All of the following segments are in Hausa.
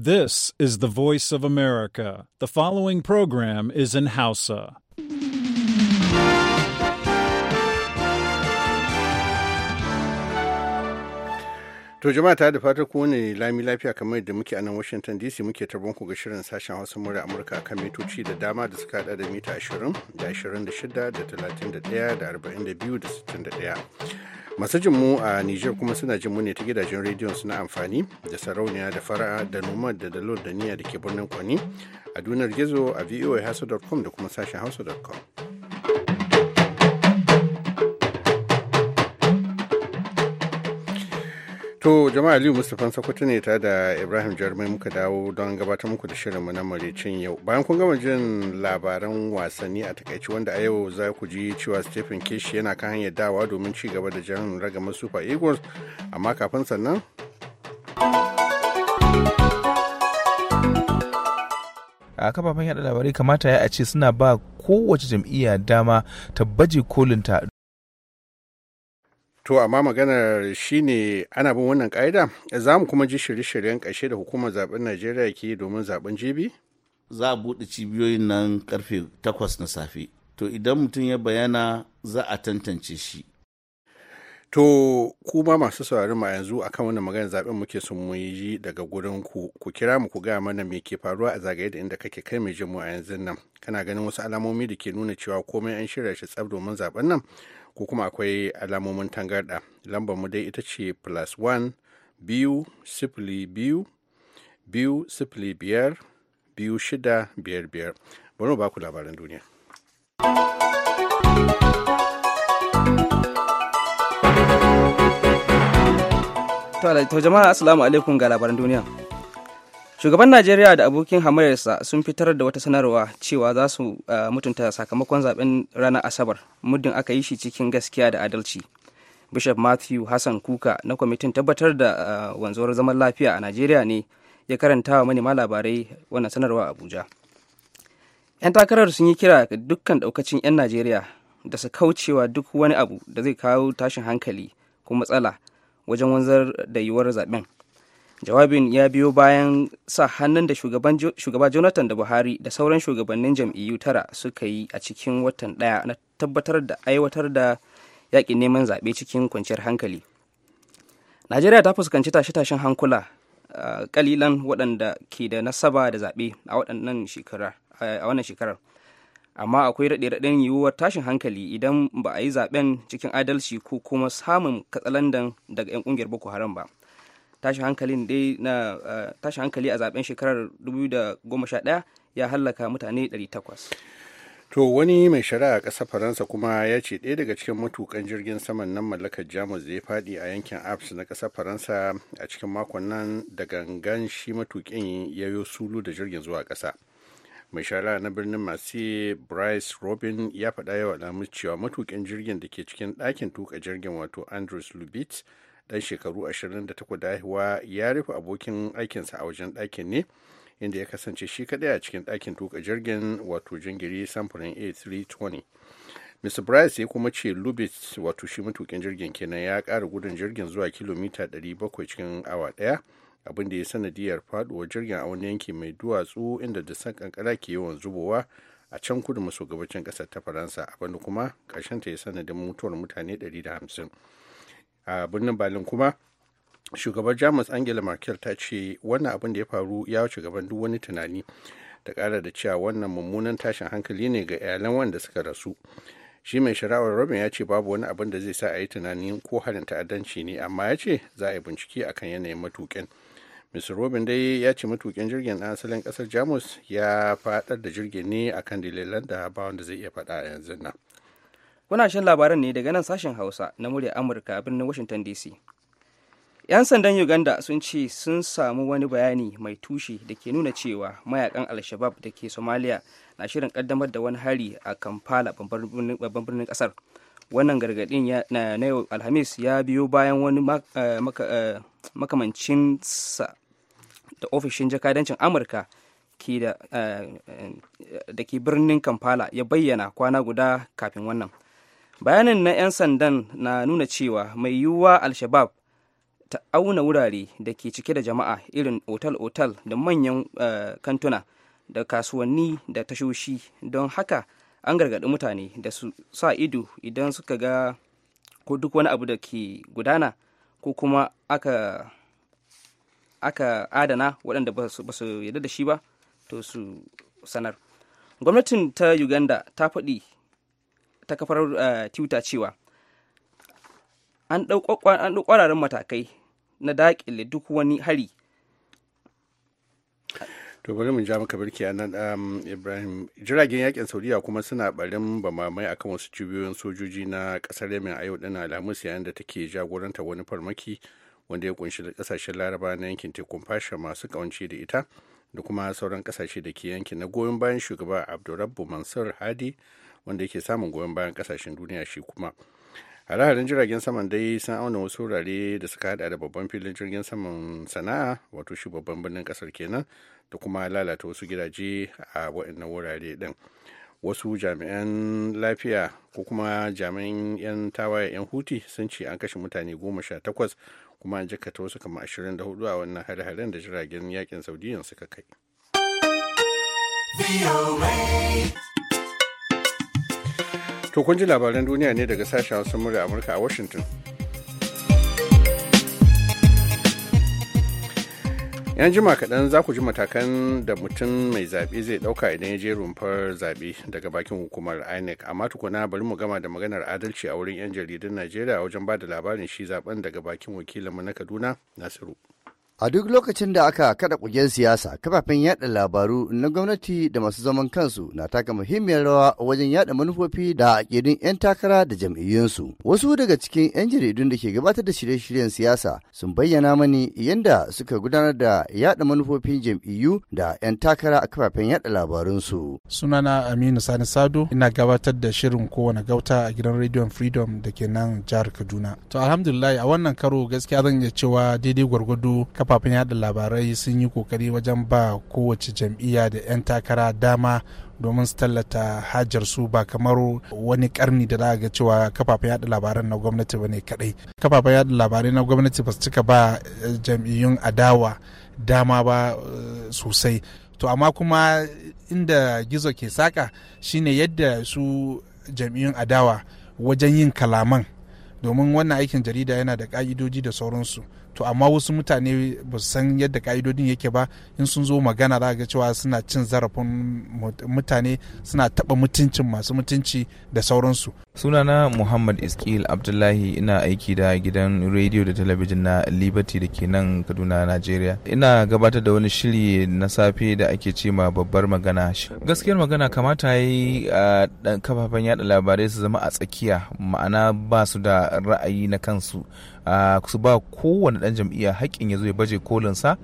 This is the voice of America. The following program is in Hausa. To jama'a ta da fatar ku ne lami lafiya kamar yadda muke a nan Washington DC muke tarbon ku ga shirin sashen Hausa murya Amurka kan mitoci da dama da suka hada da mita 20 da 26 da 31 da 42 da 61. masu a Nijar kuma suna jin mu ne ta gidajen rediyon suna amfani da sarauniya da fara'a da noma da dalol da niyya da ke birnin kwani a dunar gizo a voahasu.com da kuma sashen hausa.com. To jama'a Aliyu Mustapha Sokoto ne ta da Ibrahim Jarmai muka dawo don gabatar muku da shirinmu na Maricin yau. Bayan kun gama jin labaran wasanni a takaici wanda a yau za ku ji cewa Stephen Kish yana kan hanyar dawa domin ci gaba da jan ragamar Super Eagles amma kafin sannan a kafafen yada labarai kamata ya a ce suna ba kowace jam'iyya dama ta baje kolinta To amma maganar ne ana bin wannan ƙa'ida za mu kuma ji shirye-shiryen ƙarshe da hukumar zaɓen Najeriya ke domin zaben jibi? Za a buɗe cibiyoyin nan ƙarfe takwas na safe. To idan mutum ya bayana za a tantance shi. To kuma masu saurari ma yanzu a kan wannan maganar zaɓen muke son mu yi daga gurin ku ku kira mu ku gaya mana me ke faruwa a zagaye da inda kake kai mai jin mu a yanzu nan kana ganin wasu alamomi da ke nuna cewa komai an shirya shi tsab domin zaɓen nan ko kuma akwai alamomin tangarɗa lambar mu dai ita ce plus 1 biyu sifili biyu biyu sifili biyar biyu shida biyar biyar bari ba ku labaran duniya to jama'a assalamu alaikum ga labaran duniya shugaban najeriya da abokin hamayarsa sun fitar da wata sanarwa cewa za su uh, mutunta sakamakon zaben ranar asabar muddin aka yi shi cikin gaskiya da adalci bishop matthew hassan kuka na kwamitin tabbatar da uh, wanzuwar zaman lafiya a najeriya ne ya karanta wa manema labarai wannan sanarwa abuja 'yan takarar sun yi kira ga dukkan daukacin 'yan najeriya da su kaucewa duk wani abu da zai kawo tashin hankali ko matsala wajen wanzar da yiwuwar zaben jawabin ya biyo bayan sa hannun da shugaba jonathan da buhari da sauran shugabannin jam'iyyu tara suka yi a cikin watan ɗaya na tabbatar da aiwatar da yakin neman zaɓe cikin kwanciyar hankali najeriya ta fuskanci tashe-tashen hankula kalilan waɗanda ke da nasaba da zaɓe a wannan shekarar amma akwai raɗe-raɗen yiwuwar tashin hankali idan ba a yi zaɓen cikin adalci ko kuma samun katsalandan daga 'yan ƙungiyar boko haram ba tashin hankalin dai na eh, tashi hankali a zaben shekarar 2011 ya hallaka mutane 800 to wani mai shari'a a ƙasar faransa kuma ya ce ɗaya daga cikin matukan jirgin saman nan mallakar jamus zai faɗi a yankin alps na ƙasar faransa a cikin makon nan da gangan shi matukin ya yi sulu da jirgin zuwa ƙasa mai shari'a na birnin masu bryce robin ya faɗa yawa alhamis cewa matukin jirgin da ke cikin ɗakin tuka jirgin wato andrews lubitz dan shekaru 28 da haihuwa ya rufe abokin aikinsa a wajen ɗakin ne inda ya kasance shi kaɗai a cikin ɗakin tuka jirgin wato jingiri samfurin a320 mr bryce ya kuma ce lubit wato shi matukin jirgin kenan ya kara gudun jirgin zuwa kilomita 700 cikin awa ɗaya abin da ya sanadiyar faduwar jirgin a wani yanki mai duwatsu inda da san kankara ke yawan zubowa a can kudu maso gabacin ƙasar ta faransa abinda kuma ƙarshen ta ya sanadin mutuwar mutane 150 a birnin berlin kuma shugabar jamus angela merkel ta ce wannan abin da ya faru ya wuce gaban duk wani tunani ta kara da cewa wannan mummunan tashin hankali ne ga iyalan wanda suka rasu shi mai shari'ar robin ya ce babu wani abin da zai sa a yi tunanin ko harin ta'addanci ne amma ya ce za a yi bincike akan yanayin matukin mr robin dai ya ce matukin jirgin na asalin ƙasar jamus ya faɗar da jirgin ne akan dalilan da ba wanda zai iya faɗa a yanzu nan Kuna shan labaran ne daga nan sashen Hausa na murya Amurka a birnin Washington DC. 'Yan sandan Uganda sun ce sun samu wani bayani mai tushe da ke nuna cewa mayakan Al-Shabab da ke Somalia na shirin kaddamar da wani hari a Kampala babban birnin kasar. Wannan gargadin na yau Alhamis ya biyo bayan wani eh, eh, makamancinsa da ofishin jakadancin Amurka eh, da ke birnin Kampala ya bayyana kwana guda kafin wannan. bayanin na 'yan sandan na nuna cewa mai yiwuwa al-shabab ta auna wurare da ke cike da jama'a irin otal-otal da manyan eh, kantuna da kasuwanni da tashoshi don haka an gargaɗi mutane da su sa ido idan suka ga ko duk wani abu da ke gudana ko kuma aka aka adana waɗanda ba su yarda da shi ba to su sanar gwamnatin ta uganda ta faɗi ta kafar eh, tuta cewa an ɗau ƙwararren matakai na daƙile duk wani hari to bari mun ja maka birki a nan um, ibrahim jiragen yakin saudiya kuma suna barin bamamai akan wasu cibiyoyin sojoji na kasar yamin a yau dana alhamis yayin da take jagoranta wani farmaki wanda ya kunshi da kasashen laraba na yankin tekun fasha masu kawance da ita da kuma sauran kasashe da ke yankin na goyon bayan shugaba abdurrabbu mansur hadi wanda yake samun goyon bayan kasashen duniya shi kuma hare jiragen saman dai sun auna wasu wurare da suka hada da babban filin jirgin saman sana'a wato shi babban birnin kasar kenan da kuma lalata wasu gidaje a waɗannan wurare din wasu jami'an lafiya ko kuma jami'an 'yan tawaye 'yan huti sun ce an kashe mutane goma sha takwas kuma an jikata wasu kama ashirin da hudu a wannan hare-haren da jiragen yakin saudiyan suka kai. To kun ji labaran duniya ne daga sashen Hausa murya Amurka a Washington. yan jima kaɗan za ku ji matakan da mutum mai zaɓe zai ɗauka idan ya je rumfar zaɓe daga bakin hukumar inec amma tukuna bari mu gama da maganar adalci a wurin 'yan jaridun najeriya wajen ba da labarin shi zaben daga bakin wakilinmu na kaduna nasiru A duk lokacin da aka kada kugen siyasa, kafafen yada labaru na gwamnati da masu zaman kansu na taka muhimmiyar rawa wajen yada manufofi da akidun 'yan takara da jam'iyyunsu. Wasu daga cikin 'yan jaridun da ke gabatar da shirye-shiryen siyasa sun bayyana mani yadda suka gudanar da yada manufofin jam'iyyu da 'yan takara a kafafen yada labarunsu. Sunana Aminu Sani Sado, ina gabatar da shirin kowane gauta a gidan rediyon Freedom da ke nan jihar Kaduna. To alhamdulillah a wannan karo gaskiya zan iya cewa daidai gwargwado kafafen yada labarai sun yi kokari wajen ba kowace jam'iyya da 'yan takara dama domin su tallata hajar su ba kamar wani karni da za ga cewa kafafen yada labaran na gwamnati ba ne kadai kafafen yada labarai na gwamnati ba su cika ba eh, jam'iyyun adawa dama ba eh, sosai to amma kuma inda gizo ke saka shine yadda su jam'iyyun adawa wajen yin kalaman domin wannan aikin jarida yana da ka'idoji da sauransu to amma wasu mutane ba su san yadda ka'idodin yake ba in sun zo magana za ga cewa suna cin zarafin mutane suna taɓa mutuncin masu mutunci da sauransu sunana muhammad iskil abdullahi ina aiki da gidan rediyo da talabijin na liberty da ke nan kaduna nigeria ina gabatar da wani shiri na safe da ake ce ma babbar magana gaskiyar magana kamata yi a kafafen yada labarai su zama a tsakiya ma'ana ba su da ra'ayi na kansu su ba kowane ɗan jam'iyya haƙƙin ya zo ya baje kolinsa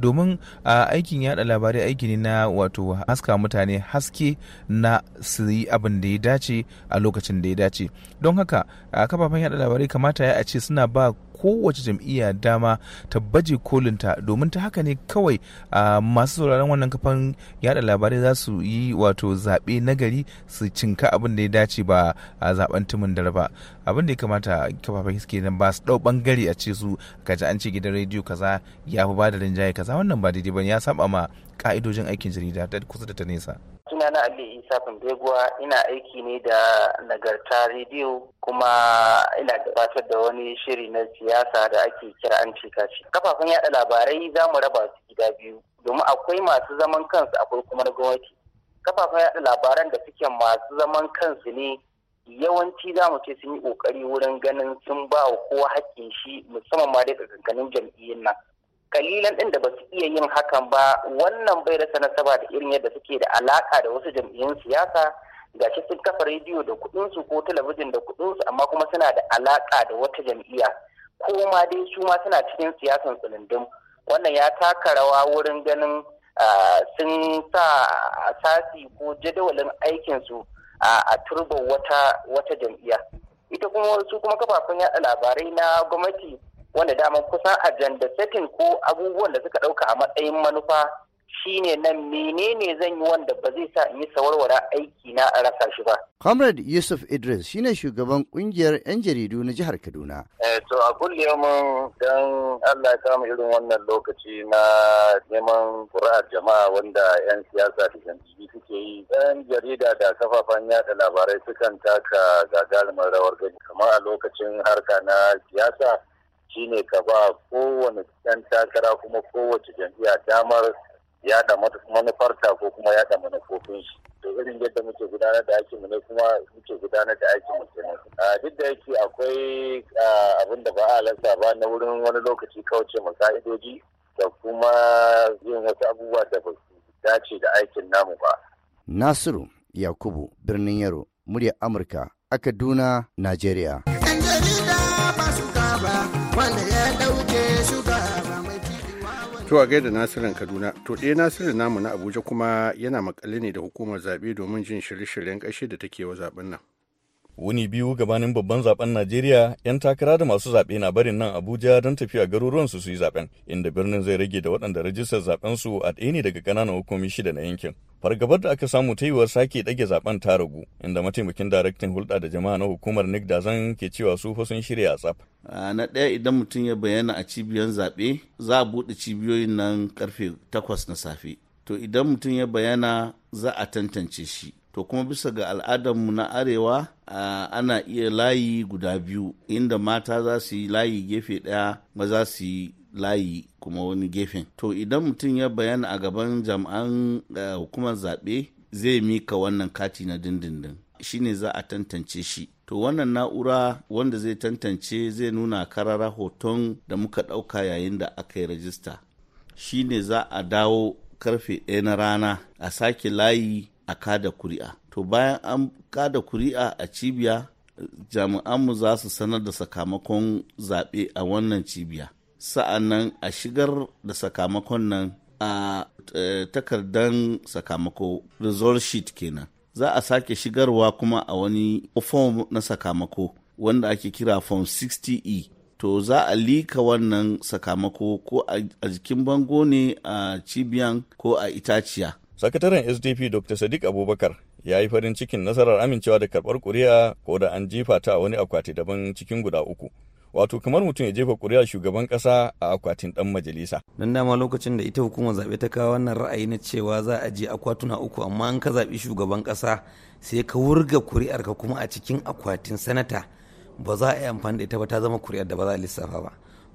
domin aikin yaɗa labarai aiki ne na wato haska mutane haske na su yi abin da ya dace a lokacin da ya dace don haka kafafen yaɗa labarai kamata ya a ce suna ba kowace jam'iyya dama ta baje kolinta domin ta haka ne kawai a masu sauraron wannan kafan yada labarai za su yi wato zaɓe nagari su cinka abin da ya dace ba a zaben timin dare ba abin da ya kamata kafafen suke nan ba su ɗau ɓangare a ce su kaji an ce gidan rediyo kaza ya fi ba da rinjaye kaza wannan ba daidai ba ya saba ma ka'idojin aikin jarida ta kusa da ta nesa. suna na Ali Isa Kumbeguwa ina aiki ne da nagarta rediyo kuma ina gabatar da wani shiri na siyasa da ake kira an shi. Kafafen yada labarai za mu raba su gida biyu domin akwai masu zaman kansu akwai kuma na gwamnati. Kafafen yada labaran da suke masu zaman kansu ne yawanci za mu ce sun yi kokari wurin ganin sun ba wa kowa haƙƙin shi musamman ma dai tsakankanin jam'iyyun nan. kalilan ɗin da ba su iya yin hakan ba wannan bai rasa nasaba da irin yadda suke da alaka da wasu jam'iyyun siyasa Ga shi sun kafa rediyo da kuɗinsu ko talabijin da kuɗinsu amma kuma suna da alaka da wata jam'iyya ko ma dai su ma suna cikin siyasan tsilindin wannan ya taka rawa wurin ganin sun sa asasi ko jadawalin aikinsu a turba wata wata jam'iyya ita kuma su kuma kafafen yaɗa labarai na gwamnati wanda daman kusan agenda setting ko abubuwan da suka ɗauka a matsayin manufa shine nan menene zan yi wanda ba zai sa in yi sawarwara aiki na a rasa shi ba. Comrade Yusuf Idris shine shugaban kungiyar 'yan jaridu na jihar Kaduna. Eh to a kulle mun dan Allah ya mu irin wannan lokaci na neman ƙuri'ar jama'a wanda 'yan siyasa da yan suke yi. 'Yan jarida da kafafen yada labarai sukan taka gagarumar rawar gani kamar a lokacin harka na siyasa shine ka ba kowane ɗan takara kuma kowace jam'iyya damar yada manufarta ko kuma yada manufofin shi to irin yadda muke gudanar da aikinmu ne kuma muke gudanar da aikinmu kenan duk da yake akwai abin da ba a halarta ba na wurin wani lokaci kauce ma ka'idoji da kuma yin wasu abubuwa da ba dace da aikin namu ba nasiru yakubu birnin yaro murya amurka a kaduna najeriya wanda ya dauke shuka To a gaida Nasirin Kaduna, to ɗaya eh, Nasirin namu na Abuja kuma yana makale ne da hukumar zaɓe domin jin shirye-shiryen ƙashe da take wa zaɓen nan. Wuni biyu gabanin babban zaben Najeriya, 'yan takara da masu zaɓe na barin nan Abuja don tafiya garuruwan su yi zaben, inda birnin zai rage da waɗanda rajistar zaben su a ɗaya ne daga kananan hukumi shida na yankin. Fargabar da aka samu ta yiwuwar sake ɗage zaben ta ragu, inda mataimakin daraktan hulɗa da jama'a na hukumar Nick Dazan ke cewa su fa sun shirya tsaf. Na ɗaya idan mutum ya bayyana a cibiyar zaɓe, za a buɗe cibiyoyin nan karfe takwas na safe. To idan mutum ya bayyana za a tantance shi. to kuma bisa ga al'adarmu na arewa ana iya layi guda biyu inda mata za su yi layi gefe ɗaya maza su yi layi kuma wani gefen to idan mutum ya bayana a gaban jami'an eh, hukumar zaɓe zai mika wannan kati na dindindin shine za a tantance shi to wannan na'ura wanda zai tantance zai nuna karara hoton da muka ɗauka yayin da aka yi rajista shine za a dawo karfe ɗaya na rana a sake layi a kada kuri'a to bayan an kada kuri'a a cibiya jami'anmu za su sanar da sakamakon zaɓe a wannan cibiya sa'annan a shigar da sakamakon nan a eh, takardar sakamako result sheet kenan za a sake shigarwa kuma a wani form na sakamako wanda ake kira form 60e to za a lika wannan sakamako ko a jikin bango ne a cibiyan ko a itaciya sakataren sdp dr sadiq abubakar ya yi farin cikin nasarar amincewa da karbar kuri'a ko da an jefa ta wani akwati daban cikin guda uku wato kamar mutum ya jefa kuri'a shugaban kasa a akwatin dan majalisa dan dama lokacin da ita hukumar zaɓe ta kawo wannan ra'ayi na cewa za a je akwatuna uku amma an ka zaɓi shugaban kasa sai ka wurga kuri'ar ka kuma a cikin akwatin sanata ba za a yi amfani da ita ba ta zama kuri'ar da ba za a lissafa ba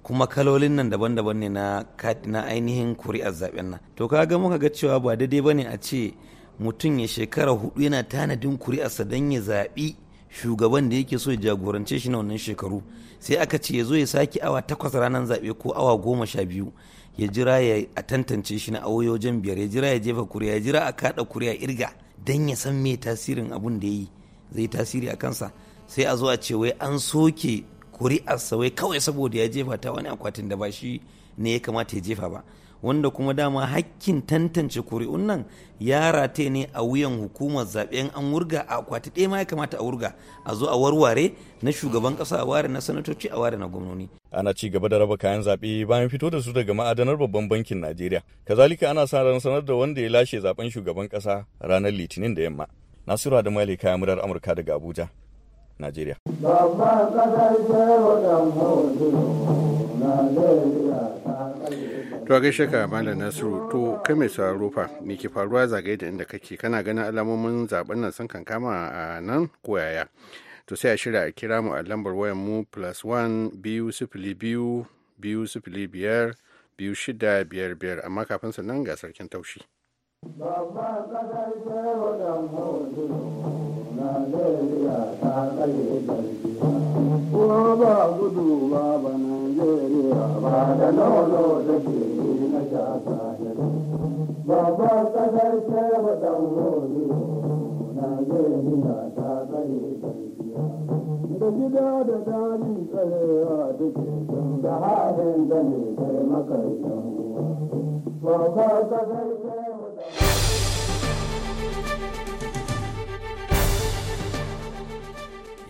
kuma kalolin nan daban-daban ne na na ainihin kuri'ar zaben nan to kaga muka ga cewa ba daidai bane a ce mutum ya shekara hudu yana tanadin kuri'arsa don ya zaɓi shugaban da yake so ya jagorance shi na wannan shekaru sai aka ce ya zo ya sake awa takwas ranar zaɓe ko awa goma sha biyu ya jira ya a tantance shi na awoyi wajen biyar ya jira ya jefa kuri'a ya jira a kaɗa kuri'a irga don ya san me tasirin abun da ya yi zai tasiri a kansa sai a zo a ce wai an soke kuri'arsa wai kawai saboda ya jefa ta wani akwatin da ba shi ne ya kamata ya jefa ba wanda kuma dama hakkin tantance kuri'un nan ya rate ne a wuyan hukumar zaɓen an wurga a akwati ɗaya ma ya kamata a wurga a zo a warware na shugaban ƙasa a ware na sanatoci a ware na gwamnoni. ana ci gaba da raba kayan zaɓe bayan fito da su daga ma'adanar babban bankin najeriya kazalika ana sa ran sanar da wanda ya lashe zaben shugaban ƙasa ranar litinin da yamma nasiru da mali kayan murar amurka daga abuja najeriya to a gaishe ka malam nasiru to kai mai sauraro fa me ke faruwa zagaye da inda kake kana ganin alamomin zaben nan sun kankama a nan ko yaya to sai a shirya a kira mu a lambar wayar mu plus one biyu sifili biyu biyu sifili biyar biyu shida biyar biyar amma kafin sannan ga sarkin taushi baba ba gudu ba ba Najeriya ba da nono da ke yi na sha sahiri. Babban ƙasar ce ba da mori Najeriya ta tsaye sarkiya. Da gida da daji tsayewa take tun da halin da ne kai makarshen ruwa. Babban ƙasar ce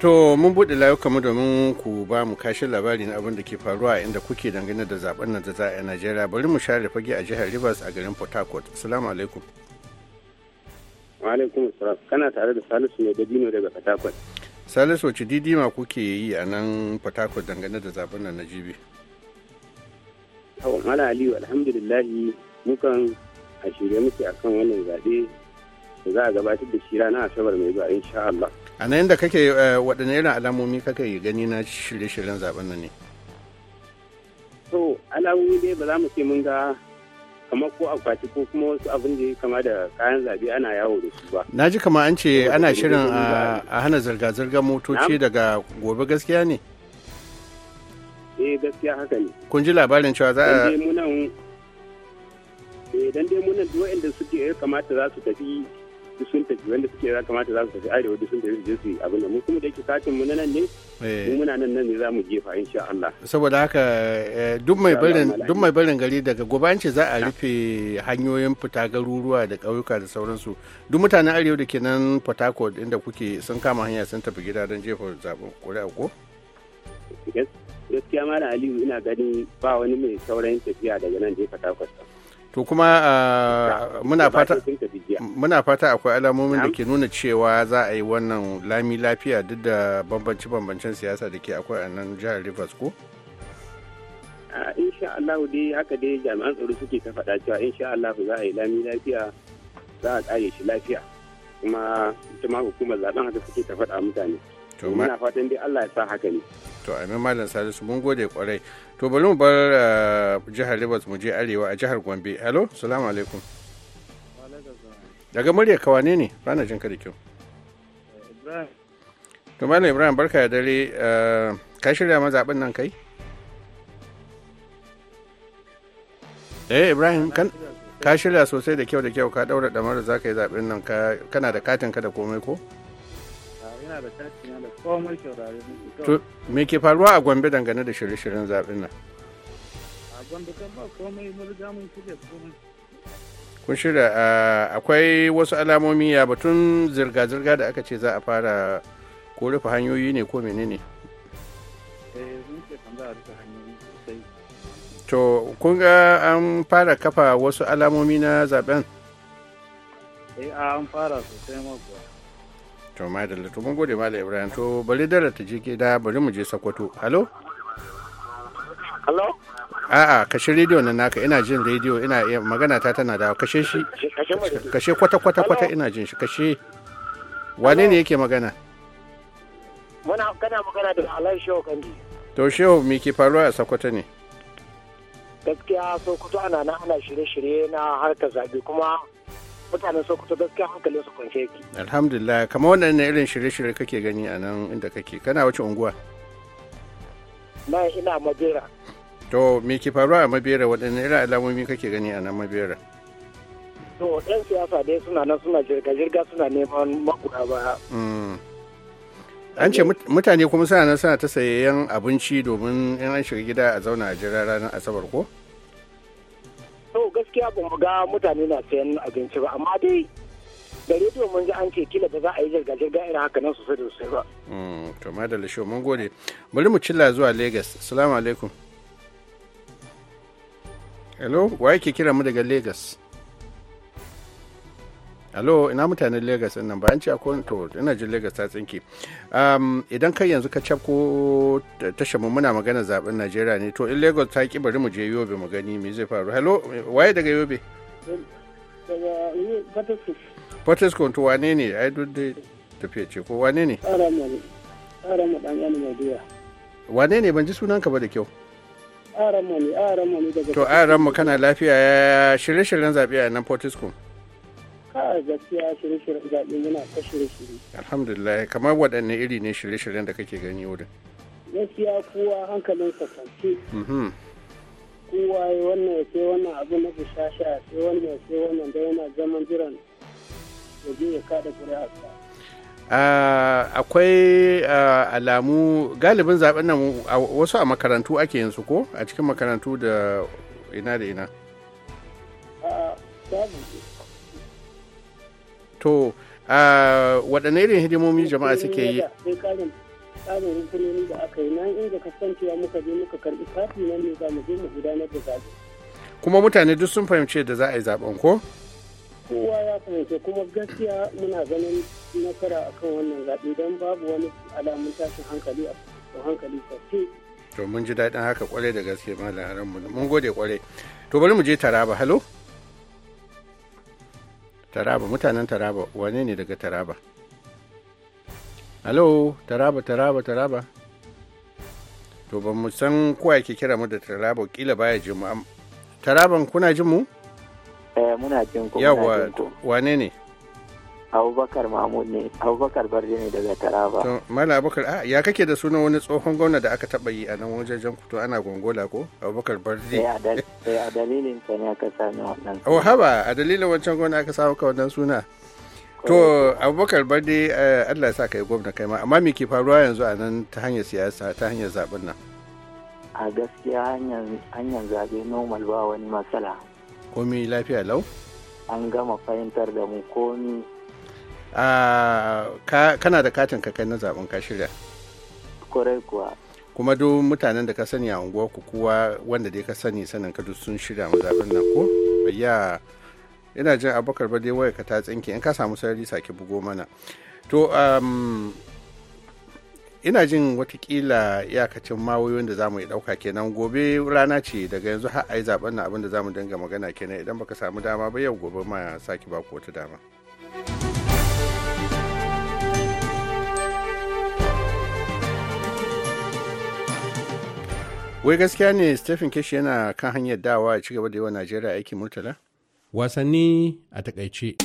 To mun buɗe layukanmu domin ku ba mu kashin labari na abin da ke faruwa inda kuke dangane da zaben nan da za a yi Najeriya bari mu share fage a jihar Rivers a garin Port Harcourt. Assalamu alaikum. Wa alaikum Kana tare da Salisu ne da Dino daga Port Harcourt. Salisu wace didima kuke yi a nan Port Harcourt dangane da zaben nan na jibi? Mala Aliyu alhamdulillahi mukan a shirye muke akan wannan zaɓe da za a gabatar da shi ranar Asabar mai zuwa insha Allah. a nan da kake eh, waɗanne irin alamomi kake gani na shirye-shiryen zaben nan ne to alamomi dai ba za mu ce mun ga kamar ko akwati ko kuma wasu abin da ya kama da kayan zabe ana yawo da su ba na ji kama an ce ana shirin a hana zirga-zirgar motoci daga gobe gaskiya ne eh gaskiya haka ne kun ji labarin cewa za a dan dai munan eh, duk waɗanda suke kamata za su tafi wasu sun tafi wanda suke ya kamata za su tafi arewa duk sun tafi je su abin da mu kuma da yake satin mu na nan ne eh. mu muna nan nan ne za mu jefa insha Allah saboda haka eh, duk mai barin duk mai barin gari daga gobanci za a rufe hanyoyin fita garuruwa da ƙauyuka da sauransu duk mutanen arewa da ke nan Port Harcourt inda kuke sun kama hanya sun tafi gida don jefa zaben kuri'a ko gaskiya malam Aliyu ina ganin ba wani mai saurayin tafiya daga nan jefa takwas. to kuma ah, muna fata akwai alamomin da ke nuna cewa za a yi wannan lami lafiya duk da bambanci bambancen siyasa da ke akwai a nan jihar Rivers ko ah, insha Allah dai haka dai jami'an tsaro suke ta faɗa cewa insha Allah za a yi lami lafiya za a tsare shi lafiya kuma ita ma hukumar zaben haka suke ta faɗa mutane to ina fatan dai Allah ya sa haka ne to amin malam salisu mun gode kwarai to bari mu bar eh, jihar Rivers mu je arewa a jihar Gombe hello assalamu alaikum daga murya kawane ne bana jin ka da kyau to malam Ibrahim barka da dare eh, ka shirya mazaɓin nan kai eh Ibrahim kan ka shirya sosai da kyau da kyau ka daura damar za ka yi zaɓen nan kana da katin ka da komai ko? ina da da komai to me ke faruwa a Gombe dangane da shirye-shiryen zaɓen nan a Gombe kan ba komai mun riga mun shirya komai kun shirya akwai wasu alamomi ya batun zirga-zirga da aka ce za a fara ko rufe hanyoyi ne ko menene eh, to kun ga an fara kafa wasu alamomi na zaben eh an fara sosai makuwa to madalla to mun gode malam ibrahim to bari dara ta je ke da bari mu je sokoto halo halo a'a kashe rediyo na naka ina jin rediyo ina magana ta tana da kashe shi kashe kwata kwata kwata ina jin shi kashe wane ne yake magana muna kana magana da alai shehu kandi to shehu me ke faruwa a sokoto ne gaskiya sokoto ana na ana shirye-shirye na harkar zabe kuma mutanen sokoto gaskiya hankali su kwance yake alhamdulillah kamar wannan irin shirye-shirye kake gani a nan inda kake kana wace unguwa na ina mabera to me ke faruwa a mabera waɗanne irin alamomi kake gani a nan mabera to yan siyasa dai suna nan suna jirga-jirga suna neman magoya ba hmm. an ce mutane kuma suna nan suna ta sayayyan abinci domin in an shiga gida a zauna a jira ranar asabar ko? to gaskiya ba mu ga mutane na sayan abinci ba amma dai da rediyo mun ji an ce kila ba za a yi jirga-jirga irin haka nan sosai da sosai ba. Hmm, to ma da lisho mun gode bari mu cilla zuwa lagos salamu alaikum hello wa yake kira mu daga Legas. alo ina mutanen lagos nan an ce akwai to ina jin lagos ta tsinke um, idan kai yanzu ka cafko mu muna magana zaben najeriya ne to in lagos ta ki bari mu je yobe mu gani me zai faru hello waye daga yobe Fortesco to wane ne ai duk da tafiya ce ko wane ne wane ne ban ji sunan ka ba da kyau to aran mu kana lafiya ya shirye-shiryen zaɓe a nan Fortesco ka gaskiya shirye-shiryen zaɓe yana ta shirye-shirye. alhamdulillah kamar waɗanne iri ne shirye-shiryen da kake gani wurin. gaskiya kowa hankalinsa kwance. Mm-hmm. kowa ya wannan ya ce wannan abu na bushasha ya sai wannan ya ce wannan da yana zaman jiran ya je ya kada ƙuri'arsa. Uh, akwai ah, alamu galibin zaben nan wasu a makarantu ake yin ko a cikin makarantu da ina da ina? Uh, to waɗanne irin hidimomi jama'a suke yi tsarin rukunoni da aka yi nan inda kasancewa muka je muka karbi kati nan ne za mu je mu gudanar da zaɓe. kuma mutane duk sun fahimci da za a yi zaɓen ko? kowa ya fahimci kuma gaskiya muna ganin nasara akan wannan zaɓe don babu wani alamun tashin hankali a hankali sosai. to mun ji daɗin haka kwarai da gaske malam mun gode kwarai to bari mu je taraba halo. taraba mutanen taraba wane ne daga taraba halo taraba taraba taraba to ba mu san kowa yake kira mu da taraba kila baya jin mu taraban kuna jin mu eh muna jin ku yawa wane ne abubakar mahmud ne abubakar barde ne daga taraba to mala abubakar a ah, ya kake da sunan wani tsohon gwamna da aka taba yi a nan wajen fito ana gongola ko abubakar barde eh a eh, dalilin ka ne aka sami wannan oh haba a dalilin wancan gwamna aka samu ka wannan suna to abubakar barde eh, allah ya sa kai gwamna kai ma amma me ke faruwa yanzu a nan ta hanyar siyasa ta hanyar zaben nan a gaskiya hanyar zaɓe normal ba wani matsala komi lafiya lau an gama fahimtar da mu komi kana da katin kakai na zaben ka shirya kwarai kuwa kuma duk mutanen da ka sani a unguwa ku kuwa wanda dai ka sani sanin ka duk sun shirya mu nan ko ya ina jin abokar ba dai waya ka ta tsinke in ka samu sarari sake bugo mana to um, ina jin watakila iyakacin mawayoyin da zamu yi dauka kenan gobe rana ce daga yanzu har ai zaben nan abin da zamu dinga magana kenan idan baka samu dama ba yau gobe ma sake ba ku wata dama wai gaskiya ne stephen kish yana kan hanyar dawa ci gaba da yawa najeriya aikin murtala wasanni a takaice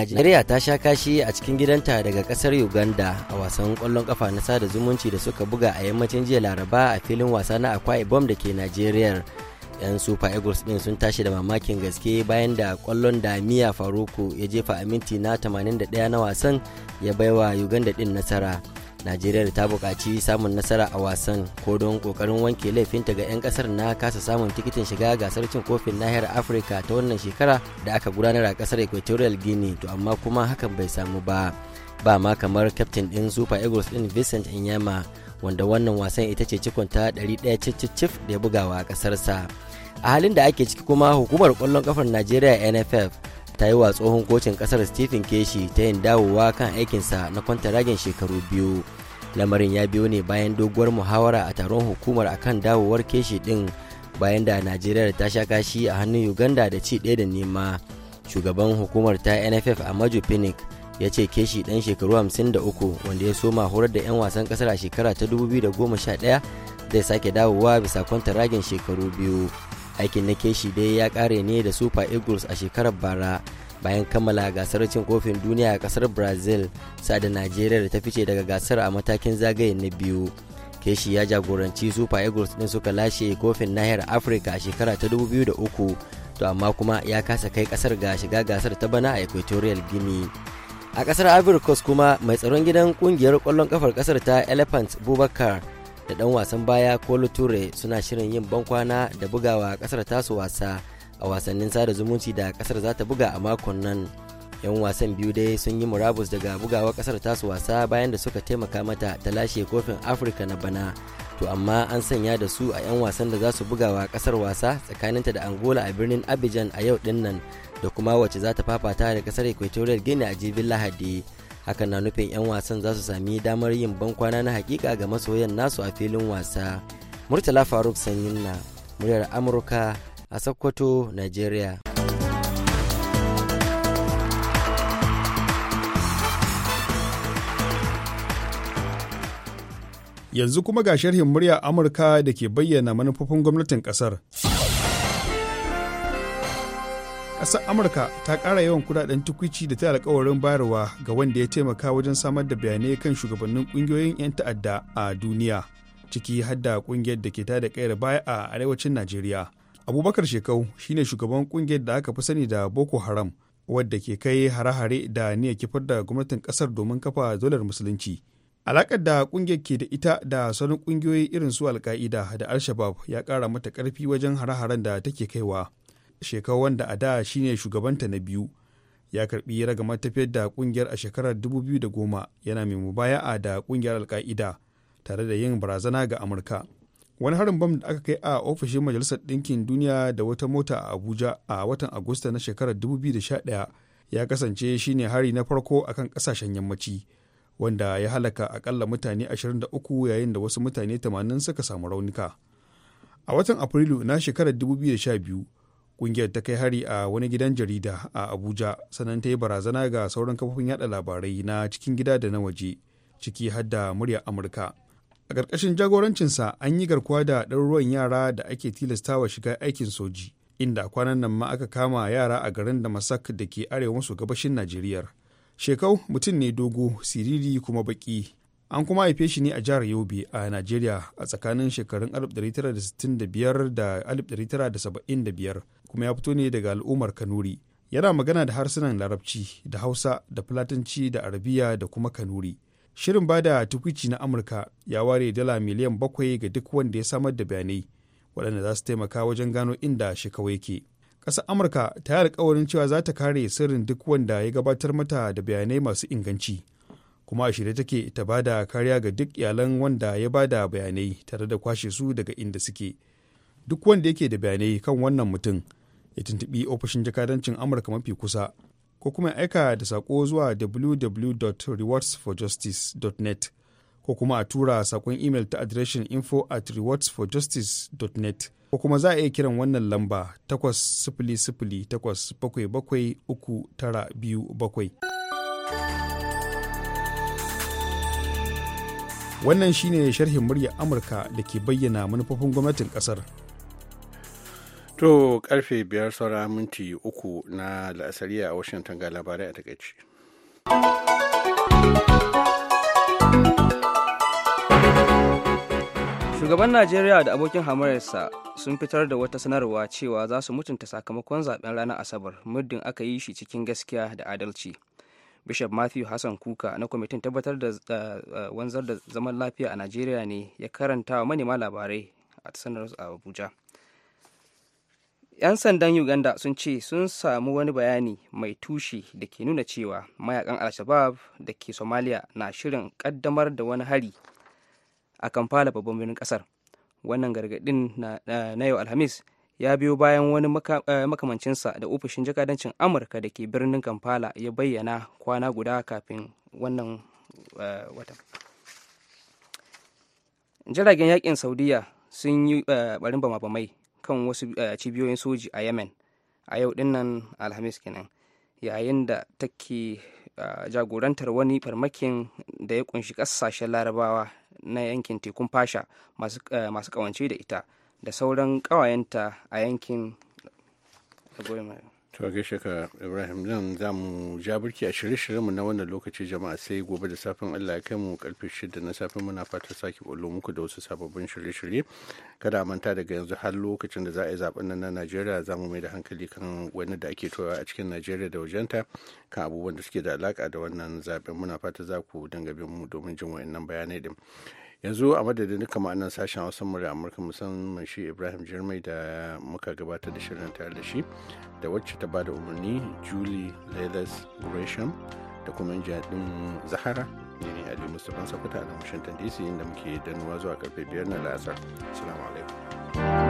Najeriya ta sha kashi a cikin gidanta daga kasar Uganda a wasan kwallon kafa na sada zumunci da suka buga a yammacin jiya Laraba a filin wasa na Akwa Ibom da ke Najeriya. 'yan super eagles din sun tashi da mamakin gaske bayan da kwallon da miya faruku ya jefa a minti na 81 na wasan ya baiwa uganda din nasara najeriya ta buƙaci samun nasara a wasan ko don ƙoƙarin wanke laifinta ga 'yan ƙasar na kasa samun tikitin shiga gasar cin kofin nahiyar afirka ta wannan shekara da aka gudanar a kasar equatorial guinea to amma kuma hakan bai samu ba ba ma kamar kyaftin ɗin super eagles ɗin vincent inyama wanda wannan wasan ita ce ta 100 cif da ya bugawa a ƙasarsa a halin da ake ciki kuma hukumar kwallon ƙafar najeriya nff ta yi wa tsohon kocin kasar stephen keshi ta yin dawowa kan aikinsa na kwantaragen shekaru biyu lamarin ya biyo ne bayan doguwar muhawara a taron hukumar akan dawowar keshi din bayan da najeriya ta sha kashi a hannun uganda da ci ɗaya da nema shugaban hukumar ta nff a maju phoenix ya ce keshi ɗan shekaru 53 wanda ya soma horar da 'yan wasan kasar a shekara ta 2011 zai sake dawowa bisa ragin shekaru biyu aikin na keshi dai ya kare ne da super eagles a shekarar bara bayan kammala gasar cin kofin duniya a kasar brazil sa da najeriya da ta fice daga gasar a matakin zagaye na biyu keshi ya jagoranci super eagles din suka lashe kofin nahiyar afirka a shekara ta 2003 to amma kuma ya kasa kai kasar ga shiga gasar ta bana a equatorial guinea a kasar ivory coast kuma mai tsaron gidan kungiyar kwallon kafar kasar ta elephant bubakar da dan wasan baya kolo ture suna shirin yin ban kwana da bugawa kasar tasu wasa a wasannin sada zumunci da kasar za ta buga a makon nan 'yan wasan biyu dai sun yi murabus daga bugawa kasar tasu wasa bayan da suka taimaka mata ta lashe kofin afirka na bana to amma an sanya da su a 'yan wasan da za su bugawa kasar wasa tsakaninta da angola a birnin abidjan a yau din nan da kuma wacce za ta fafata da kasar equatorial guinea a jibin lahadi hakan na nufin 'yan wasan za su sami damar yin ban kwana na hakika ga masoyan nasu a filin wasa murtala faruk sanyin na muryar amurka a sokoto nigeria Yanzu kuma ga sharhin murya Amurka da ke bayyana manufofin gwamnatin ƙasar. Ƙasar Amurka ta ƙara yawan kudaden tukwici da ta alkawarin bayarwa ga wanda ya taimaka wajen samar da bayanai kan shugabannin ƙungiyoyin 'yan ta'adda a duniya, ciki hadda ƙungiyar da ke tada kayar baya a arewacin Najeriya. Abubakar Shekau shine shugaban ƙungiyar da aka fi sani da Boko Haram. wadda ke kai hare-hare da niyyar kifar da gwamnatin ƙasar domin kafa zolar musulunci alakar da ƙungiyar ke da ita da sanin kungiyoyi irin su alka'ida da Al-Shabab ya kara mata karfi wajen hare-haren da take kaiwa. Shekau wanda a da shine shugabanta na biyu ya karbi ragamar tafiyar da kungiyar a shekarar 2010 yana mai a da ƙungiyar alka'ida tare da yin barazana ga Amurka. Wani harin bam da aka kai a ofishin Majalisar Ɗinkin Duniya da wata mota a Abuja a watan Agusta na shekarar 2011 ya kasance shine hari na farko akan ƙasashen yammaci. wanda ya halaka akalla mutane 23 yayin da wasu mutane 80 suka samu raunuka a watan afrilu na shekarar 2012 kungiyar ta kai hari a wani gidan jarida a abuja sanan ta yi barazana ga sauran kafofin yada labarai na cikin gida da na waje ciki har da muryar amurka a ƙarƙashin jagorancinsa an yi garkuwa da ɗaruruwan yara da ake tilastawa shiga aikin soji inda kwanan nan ma aka kama yara a garin masak da ke arewa maso gabashin najeriya shekau mutum ne dogo siriri kuma baki an kuma haife shi ne a jihar yobe a najeriya a tsakanin shekarun 1965 da 1975 kuma ya fito ne daga al'ummar kanuri yana magana da harsunan larabci da hausa da fulatanci da arabiya da kuma kanuri shirin ba da tukwici na amurka ya ware dala miliyan bakwai ga duk wanda ya samar da bayanai waɗanda za su taimaka wajen gano inda shekau ke. ƙasar amurka ta yi alkawarin cewa za ta kare sirrin duk wanda ya gabatar mata da bayanai masu inganci kuma a shirye take ta ba da kariya ga duk iyalan wanda ya ba da bayanai tare da kwashe su daga inda suke duk wanda yake da bayanai kan wannan mutum ya tuntuɓi ofishin jakadancin amurka mafi kusa ko kuma aika da saƙo zuwa www.rewardsforjustice.net ko kuma a tura sakon imel ta adireshin info at rewardsforjustice.net ko kuma za a iya kiran wannan lamba bakwai. Wannan shine sharhin murya Amurka da ke bayyana manufofin gwamnatin kasar. To karfe biyar saura minti uku na la'asariya a Washington ga labarai a takaici. shugaban najeriya da abokin hamararsa sun fitar da wata sanarwa cewa za su mutunta sakamakon zaben ranar asabar muddin aka yi shi cikin gaskiya da adalci bishop matthew hassan kuka na kwamitin tabbatar da eh, wanzar da zaman lafiya a najeriya ne ya karanta wa manema labarai a sanar a abuja 'yan sandan uganda sun ce sun samu wani bayani mai tushe da ke nuna cewa mayakan al-shabab da ke somalia na shirin kaddamar da wani hari a kampala babban birnin kasar wannan gargadin na yau alhamis ya biyo bayan wani eh, makamancinsa da ofishin jakadancin amurka da ke birnin kampala ya bayyana kwana guda kafin wannan eh, watan jiragen yakin saudiya sun yi barin eh, bama-bamai kan wasu cibiyoyin soji a yemen a yau dinnan alhamis kenan yayin da take jagorantar wani farmakin da ya kunshi kasashen larabawa na yankin tekun fasha masu kawance eh, da ita da sauran kawayenta a yankin To gaishe ka Ibrahim nan za mu ja burki a shirye shirye mu na wannan lokaci jama'a sai gobe da safin Allah ya kai mu karfe shida na safin muna fatar sake bullo muku da wasu sababbin shirye-shirye. Kada a manta daga yanzu har lokacin da za a yi zaben nan na Najeriya za mu mai da hankali kan wani da ake toyawa a cikin Najeriya da wajenta kan abubuwan da suke da alaka da wannan zaben muna fata za ku dinga bin mu domin jin wayannan bayanai din. yanzu a madadin duka ma'anan sashen hausa murya amurka musamman shi ibrahim jirmai da muka gabatar da shirin tare da shi da wacce ta bada umarni julie leathers gresham da kuma din zahara ne ne ali mustapha sakuta a washington dc inda muke danuwa zuwa karfe biyar na la'asar assalamu alaikum